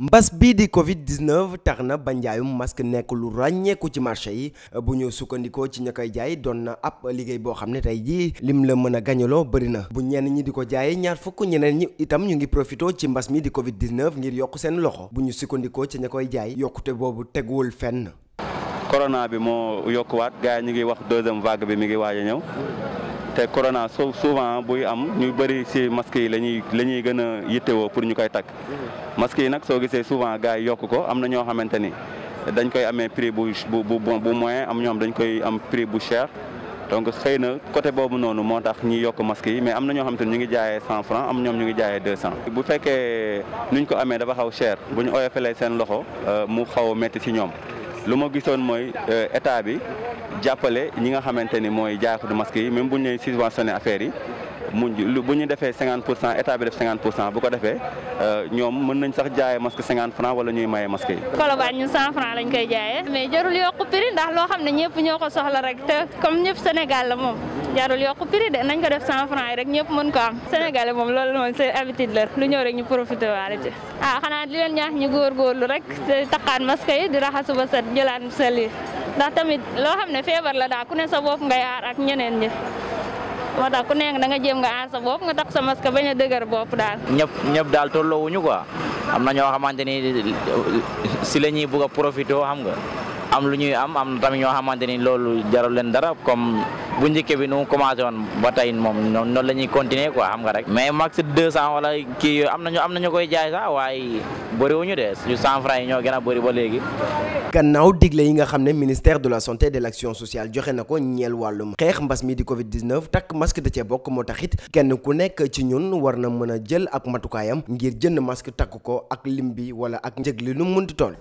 mbas bii di Covid 19 tax na ba njaayum masque nekk lu ràññeeku ci marché yi bu ñu sukkandikoo ci ña koy jaay doon na ab liggéey boo xam ne tey jii lim la mën a gañaloo bëri na bu ñenn ñi di ko jaay ñaar fukk ñeneen ñi itam ñu ngi profité ci mbas mi di Covid 19 ngir yokk seen loxo bu ñu sukkandikoo ci ña koy jaay yokkute boobu teguwul fenn. corona bi moo yokkuwaat gars yi ñu ngi wax deuxième vague bi mi ngi waaj ñëw. te corona soo souvent buy am ñu bëri si masque yi la ñuy la ñuy gën a yittewoo pour ñu koy takk masque yi nag soo gisee souvent gars yi yokk ko am na ñoo xamante ni dañ koy amee prix bu bu bu moyen am ñoom dañ koy am prix bu cher donc xëy na côté boobu noonu moo tax ñi yokk masque yi mais am na ñoo xamante ni ñu ngi jaaye cent franc am ñoom ñu ngi jaaye deux cent bu fekkee nuñ ko amee dafa xaw cher bu ñu oyofalee seen loxo euh, mu xaw a métti si ñoom lu ma gisoon mooy euh, état jàppale ñi nga xamante ni mooy jaaykatu masque yi même bu ñu lay subventionné affaire yi mu bu ñu defee 50 pour cent def bu ko defee euh, ñoom mën nañ sax jaayee masque 50 francs wala ñuy mayee masque yi. Colobane ñun 100 lañ koy jaayee. mais jarul yokku prix ndax loo xam ne ñëpp ñoo ko soxla rek te comme ñëpp Sénégal la moom. jarul yokk prix de nañ ko def cent franc yi rek ñëpp mën ko am sénégalais moom loolu moom seen habitude la lu ñëw rek ñu profité waale ci a ah, xanaa di leen ñaax ñu góorgóorlu rek te takkaat masque yi di raxasu ba set jëlaat sel yi ndax tamit loo xam ne feebar la daal ku ne sa bopp nga yaar ak ñeneen ñi moo tax ku nekk da nga jéem nga aar sa bopp nga takk sa maska bañ a dëgër bopp daal ñëpp ñëpp daal tolloowuñu quoi am na ñoo xamante ni si la ñuy bugg a profité xam nga am lu ñuy am am tamit ñoo xamante ni loolu jarul leen dara comme bu njëkkee bi nu commencé woon ba tey moom noonu la ñuy continuer quoi xam nga rek mais max deux cent wala kii yooyu am nañu am nañu koy jaay waaye bëriwuñu de yu cent yi ñoo gën a bëri ba léegi. gannaaw digle yi nga xam ne ministère de la santé et de l' sociale joxe na ko ñeel wàllum xeex mbas mi di Covid 19 takk masque da cee bokk moo tax it kenn ku nekk ci ñun war na mën a jël ak matukaayam ngir jënd masque takk ko ak lim bi wala ak li nu mu munti toll.